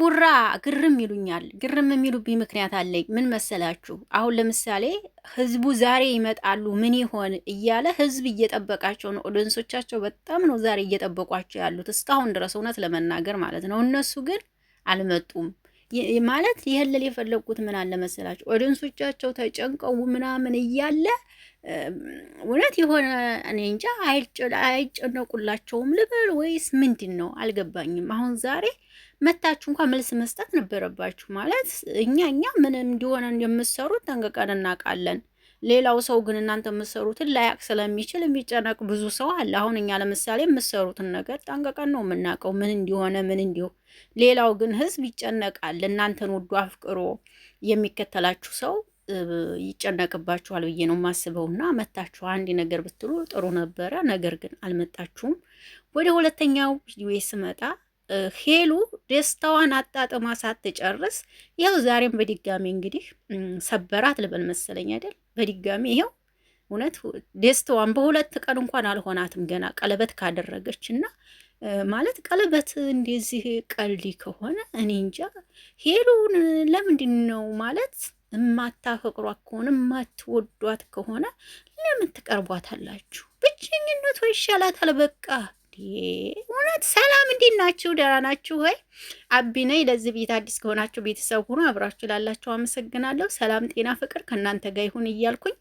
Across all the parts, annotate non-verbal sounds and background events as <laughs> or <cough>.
ቡራ ግርም ይሉኛል። ግርም የሚሉብኝ ምክንያት አለኝ። ምን መሰላችሁ? አሁን ለምሳሌ ህዝቡ ዛሬ ይመጣሉ ምን ይሆን እያለ ህዝብ እየጠበቃቸው ነው። ኦዲየንሶቻቸው በጣም ነው ዛሬ እየጠበቋቸው ያሉት እስካሁን ድረስ እውነት ለመናገር ማለት ነው። እነሱ ግን አልመጡም። ማለት ይህልል የፈለጉት ምን አለ መሰላቸው ኦዲንሶቻቸው ተጨንቀው ምናምን እያለ እውነት የሆነ እኔ እንጃ አይጨነቁላቸውም ልበል ወይስ ምንድን ነው አልገባኝም። አሁን ዛሬ መታችሁ እንኳን መልስ መስጠት ነበረባችሁ። ማለት እኛ እኛ ምን እንዲሆነ እንደምትሰሩት ጠንቅቀን እናውቃለን። ሌላው ሰው ግን እናንተ የምትሰሩትን ላያቅ ስለሚችል የሚጨነቅ ብዙ ሰው አለ። አሁን እኛ ለምሳሌ የምትሰሩትን ነገር ጠንቀቀን ነው የምናውቀው ምን እንዲሆነ ምን እንዲሁ። ሌላው ግን ህዝብ ይጨነቃል። እናንተን ወዶ አፍቅሮ የሚከተላችሁ ሰው ይጨነቅባችኋል ብዬ ነው የማስበው። እና መታችሁ አንድ ነገር ብትሉ ጥሩ ነበረ። ነገር ግን አልመጣችሁም። ወደ ሁለተኛው ስመጣ ሄሉ ደስታዋን አጣጥማ ሳትጨርስ ይኸው ዛሬም በድጋሚ እንግዲህ ሰበራት ልበል መሰለኝ አይደል? በድጋሚ ይኸው እውነት ደስታዋን በሁለት ቀን እንኳን አልሆናትም ገና ቀለበት ካደረገች እና ማለት ቀለበት እንደዚህ ቀልድ ከሆነ እኔ እንጃ። ሄሉን ለምንድን ነው ማለት እማታፈቅሯት ከሆነ እማትወዷት ከሆነ ለምን ትቀርቧታላችሁ? ብቸኝነት ይሻላታል በቃ እውነት ሰላም፣ እንዴት ናችሁ? ደህና ናችሁ ወይ? አቢ ነኝ። ለዚህ ቤት አዲስ ከሆናችሁ ቤተሰብ ሁኑ። አብራችሁ ላላችሁ አመሰግናለሁ። ሰላም፣ ጤና፣ ፍቅር ከእናንተ ጋር ይሁን እያልኩኝ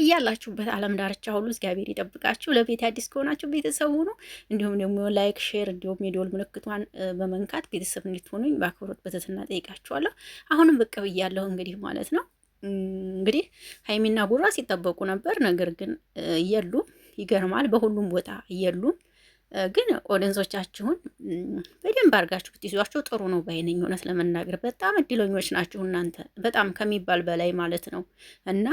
እያላችሁበት ዓለም ዳርቻ ሁሉ እግዚአብሔር ይጠብቃችሁ። ለቤት አዲስ ከሆናችሁ ቤተሰብ ሁኑ። እንዲሁም ደግሞ ላይክ፣ ሼር እንዲሁም የደወል ምልክቷን በመንካት ቤተሰብ እንድትሆኑኝ በአክብሮት በትህትና ጠይቃችኋለሁ። አሁንም ብቅ ብያለሁ እንግዲህ ማለት ነው። እንግዲህ ሀይሚና ቡራ ሲጠበቁ ነበር፣ ነገር ግን የሉም ይገርማል። በሁሉም ቦታ የሉም። ግን ኦዲየንሶቻችሁን በደንብ አድርጋችሁ ብትይዟቸው ጥሩ ነው ባይነኝ። እውነት ለመናገር በጣም እድለኞች ናችሁ እናንተ በጣም ከሚባል በላይ ማለት ነው። እና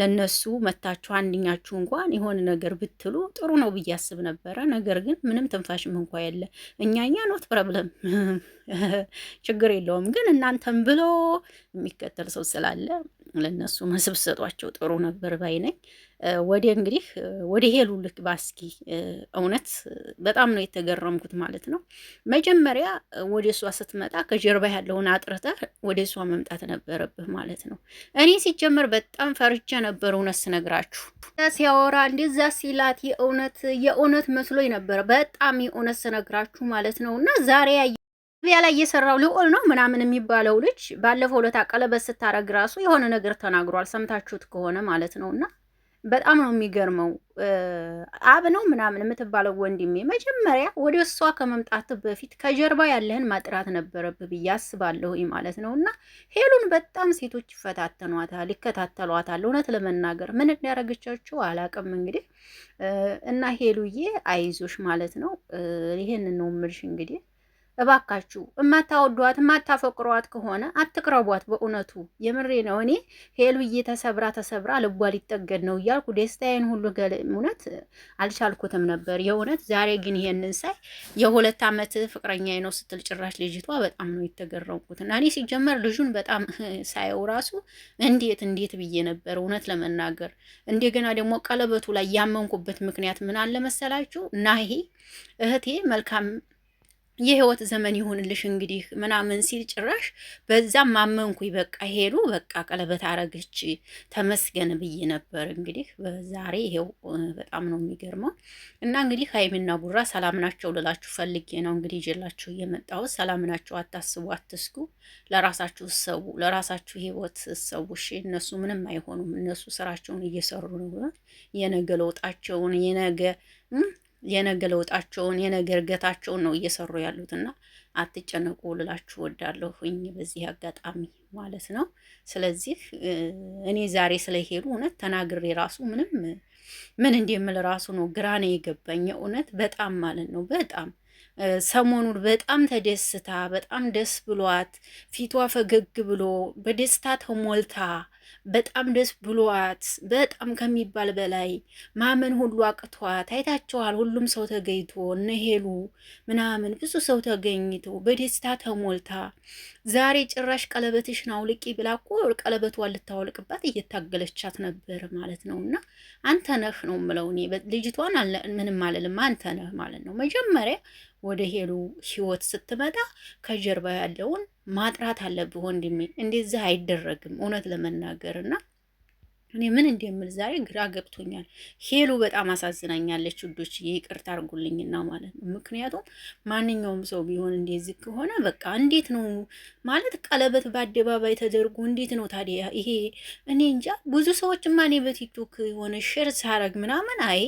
ለነሱ መታችሁ አንድኛችሁ እንኳን የሆነ ነገር ብትሉ ጥሩ ነው ብዬ አስብ ነበረ። ነገር ግን ምንም ትንፋሽም እንኳ የለ። እኛ እኛ ኖት ፕሮብለም <laughs> ችግር የለውም። ግን እናንተም ብሎ የሚከተል ሰው ስላለ ለነሱ መስብ ጥሩ ነበር ባይ ነኝ። ወደ እንግዲህ ወደ ሄሉ ልክ ባስኪ እውነት በጣም ነው የተገረምኩት ማለት ነው። መጀመሪያ ወደ እሷ ስትመጣ ከጀርባ ያለውን አጥርተህ ወደ እሷ መምጣት ነበረብህ ማለት ነው። እኔ ሲጀመር በጣም ፈርቼ ነበር እውነት ስነግራችሁ። ሲያወራ እንደዛ ሲላት የእውነት የእውነት መስሎኝ ነበር በጣም የእውነት ስነግራችሁ ማለት ነው እና ዛሬ ቢያ ላይ እየሰራው ልዑል ነው ምናምን የሚባለው ልጅ ባለፈው ዕለት ቀለበት ስታረግ ራሱ የሆነ ነገር ተናግሯል። ሰምታችሁት ከሆነ ማለት ነው። እና በጣም ነው የሚገርመው። አብ ነው ምናምን የምትባለው ወንድሜ፣ መጀመሪያ ወደ እሷ ከመምጣት በፊት ከጀርባ ያለህን ማጥራት ነበረብህ ብዬ አስባለሁ ማለት ነው። እና ሄሉን በጣም ሴቶች ይፈታተኗታል፣ ይከታተሏታል። እውነት ለመናገር ምን እንዳደረገቻችሁ አላቅም። እንግዲህ እና ሄሉዬ አይዞሽ ማለት ነው። ይህን ነው የምልሽ እንግዲህ እባካችሁ እማታወዷት እማታፈቅሯት ከሆነ አትቅረቧት። በእውነቱ የምሬ ነው። እኔ ሄሉዬ ተሰብራ ተሰብራ ልቧ ሊጠገድ ነው እያልኩ ደስታዬን ሁሉ እውነት አልቻልኩትም ነበር የእውነት። ዛሬ ግን ይሄንን ሳይ የሁለት ዓመት ፍቅረኛ ነው ስትል ጭራሽ ልጅቷ በጣም ነው የተገረምኩት። እና እኔ ሲጀመር ልጁን በጣም <laughs> ሳየው ራሱ እንዴት እንዴት ብዬ ነበር እውነት ለመናገር። እንደገና ደግሞ ቀለበቱ ላይ ያመንኩበት ምክንያት ምን አለ መሰላችሁ? ናሂ እህቴ መልካም የህይወት ዘመን ይሁንልሽ እንግዲህ ምናምን ሲል ጭራሽ በዛም ማመንኩኝ። በቃ ሄሉ በቃ ቀለበት አረገች ተመስገን ብዬ ነበር። እንግዲህ በዛሬ ይሄው በጣም ነው የሚገርመው። እና እንግዲህ ሀይሚና ቡራ ሰላም ናቸው ልላችሁ ፈልጌ ነው እንግዲህ ይዤላችሁ የመጣሁት። ሰላም ናቸው፣ አታስቡ፣ አትስጉ። ለራሳችሁ ሰው ለራሳችሁ ህይወት ሰው። እሺ እነሱ ምንም አይሆኑም። እነሱ ስራቸውን እየሰሩ ነው። የነገ ለውጣቸውን የነገ የነገ ለውጣቸውን የነገ እርገታቸውን ነው እየሰሩ ያሉትና አትጨነቁ ልላችሁ ወዳለሁኝ በዚህ አጋጣሚ ማለት ነው። ስለዚህ እኔ ዛሬ ስለሄዱ እውነት ተናግሬ ራሱ ምንም ምን እንደምል ራሱ ነው ግራ ነው የገባኝ። እውነት በጣም ማለት ነው በጣም ሰሞኑን በጣም ተደስታ በጣም ደስ ብሏት ፊቷ ፈገግ ብሎ በደስታ ተሞልታ በጣም ደስ ብሏት በጣም ከሚባል በላይ ማመን ሁሉ አቅቷት አይታችኋል። ሁሉም ሰው ተገኝቶ እነሄሉ ምናምን ብዙ ሰው ተገኝቶ በደስታ ተሞልታ ዛሬ ጭራሽ ቀለበትሽን አውልቂ ብላ እኮ ቀለበቷን ልታወልቅባት እየታገለቻት ነበር ማለት ነው። እና አንተ ነህ ነው የምለው እኔ ልጅቷን ምንም አልልም። አንተ ነህ ማለት ነው መጀመሪያ ወደ ሄሉ ህይወት ስትመጣ ከጀርባ ያለውን ማጥራት አለብህ ወንድሜ። እንደዚህ አይደረግም እውነት ለመናገር እና እኔ ምን እንደምል ዛሬ ግራ ገብቶኛል። ሄሉ በጣም አሳዝናኛለች ውዶች፣ ይቅርታ አርጉልኝና ማለት ነው። ምክንያቱም ማንኛውም ሰው ቢሆን እንደዚህ ከሆነ በቃ እንዴት ነው ማለት ቀለበት በአደባባይ ተደርጎ እንዴት ነው ታዲያ? ይሄ እኔ እንጃ። ብዙ ሰዎችማ እኔ በቲክቶክ የሆነ ሼር ሳረግ ምናምን አይ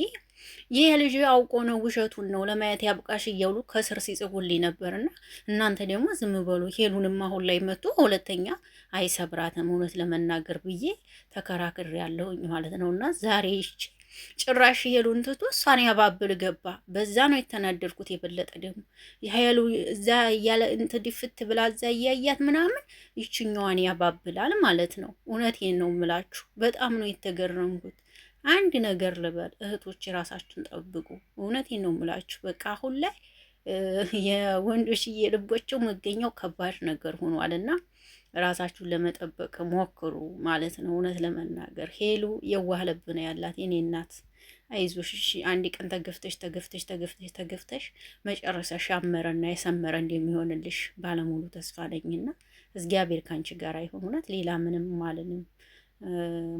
ይህ ልጅ አውቆ ነው ውሸቱን ነው ለማየት ያብቃሽ እያሉ ከስር ሲጽፉልኝ ነበርና እናንተ ደግሞ ዝም በሉ። ሄሉንም አሁን ላይ መጥቶ ሁለተኛ አይሰብራትም እውነት ለመናገር ብዬ ተከራክር ያለውኝ ማለት ነው። እና ዛሬ ይች ጭራሽ ሄሉን ትቶ እሷን ያባብል ገባ። በዛ ነው የተናደድኩት። የበለጠ ደግሞ ሄሉ እዛ እያለ እንትን ድፍት ብላ እዛ እያያት ምናምን ይችኛዋን ያባብላል ማለት ነው። እውነቴን ነው የምላችሁ፣ በጣም ነው የተገረምኩት። አንድ ነገር ልበል እህቶች፣ የራሳችሁን ጠብቁ። እውነቴን ነው የምላችሁ። በቃ አሁን ላይ የወንዶች እየልቦቸው መገኘው ከባድ ነገር ሆኗል እና ራሳችሁን ለመጠበቅ ሞክሩ ማለት ነው። እውነት ለመናገር ሄሉ የዋህ ልብ ነው ያላት የኔ እናት። አይዞሽ አንድ ቀን ተገፍተሽ ተገፍተሽ ተገፍተሽ ተገፍተሽ መጨረሻሽ ያመረና የሰመረ እንደሚሆንልሽ ባለሙሉ ተስፋ ነኝና እግዚአብሔር ካንቺ ጋር ይሁን። እውነት ሌላ ምንም አልልም።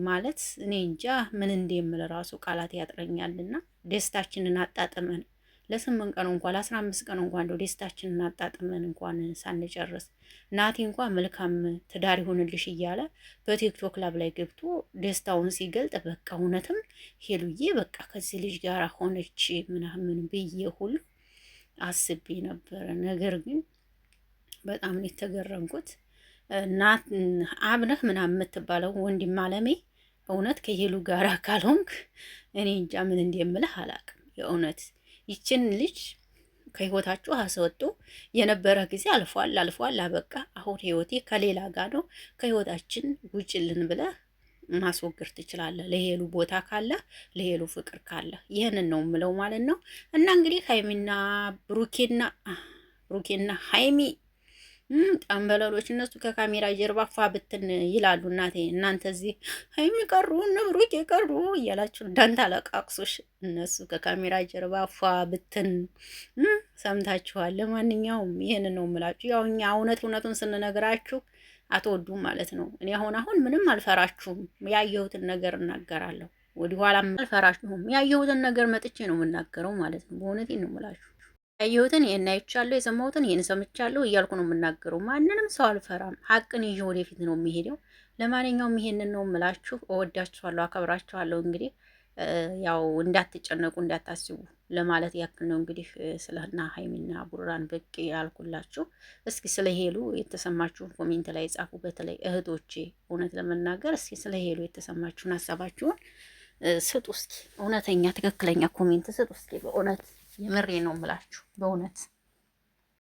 ማለት እኔ እንጃ ምን እንደምል ራሱ ቃላት ያጥረኛልና ደስታችንን አጣጥመን ለስምንት ቀን እንኳን ለአስራ አምስት ቀን እንኳን እንደው ደስታችንን አጣጥመን እንኳን ሳንጨርስ ናቲ እንኳን መልካም ትዳር ይሆንልሽ እያለ በቲክቶክ ላብ ላይ ገብቶ ደስታውን ሲገልጥ በቃ እውነትም ሄሉዬ በቃ ከዚህ ልጅ ጋር ሆነች ምናምን ብዬ ሁሉ አስቤ ነበረ። ነገር ግን በጣም ነው የተገረምኩት። እና አብነህ ምናምን የምትባለው ወንድም አለሜ እውነት ከሄሉ ጋር ካልሆንክ እኔ እንጃ ምን እንደምልህ አላውቅም። የእውነት ይችን ልጅ ከህይወታችሁ አስወጡ። የነበረ ጊዜ አልፏል አልፏል፣ አበቃ። አሁን ህይወቴ ከሌላ ጋር ነው፣ ከህይወታችን ውጭልን ብለህ ማስወገድ ትችላለህ። ለሄሉ ቦታ ካለ ለሄሉ ፍቅር ካለ ይህንን ነው ምለው ማለት ነው። እና እንግዲህ ሀይሚና ብሩኬና ብሩኬና ሀይሚ ጠንበለሎች እነሱ ከካሜራ ጀርባ ፋ ብትን ይላሉ። እናቴ እናንተ እዚህ የሚቀሩ ንብሩክ የቀሩ እያላችሁ እንዳንተ ለቃቅሶሽ እነሱ ከካሜራ ጀርባ ፏ ብትን ሰምታችኋል። ለማንኛውም ይህን ነው የምላችሁ። ያው እኛ እውነት እውነቱን ስንነግራችሁ አትወዱም ማለት ነው። እኔ አሁን አሁን ምንም አልፈራችሁም። ያየሁትን ነገር እናገራለሁ። ወዲኋላ አልፈራችሁም። ያየሁትን ነገር መጥቼ ነው የምናገረው ማለት ነው። በእውነቴ ነው የምላችሁ። ያየሁትን ይህን አይቻለሁ፣ የሰማሁትን ይህን ሰምቻለሁ እያልኩ ነው የምናገረው። ማንንም ሰው አልፈራም። ሀቅን ይዤ ወደፊት ነው የሚሄደው። ለማንኛውም ይሄንን ነው የምላችሁ። እወዳችኋለሁ፣ አከብራችኋለሁ። እንግዲህ ያው እንዳትጨነቁ፣ እንዳታስቡ ለማለት ያክል ነው እንግዲህ ስለና ሀይሚና ቡራን ብቅ ያልኩላችሁ። እስኪ ስለ ሄሉ የተሰማችሁን ኮሜንት ላይ ጻፉ። በተለይ እህቶቼ እውነት ለመናገር እስኪ ስለ ሄሉ የተሰማችሁን ሀሳባችሁን ስጡ። እስኪ እውነተኛ ትክክለኛ ኮሜንት ስጡ። እስኪ በእውነት የምሬ ነው ምላችሁ በእውነት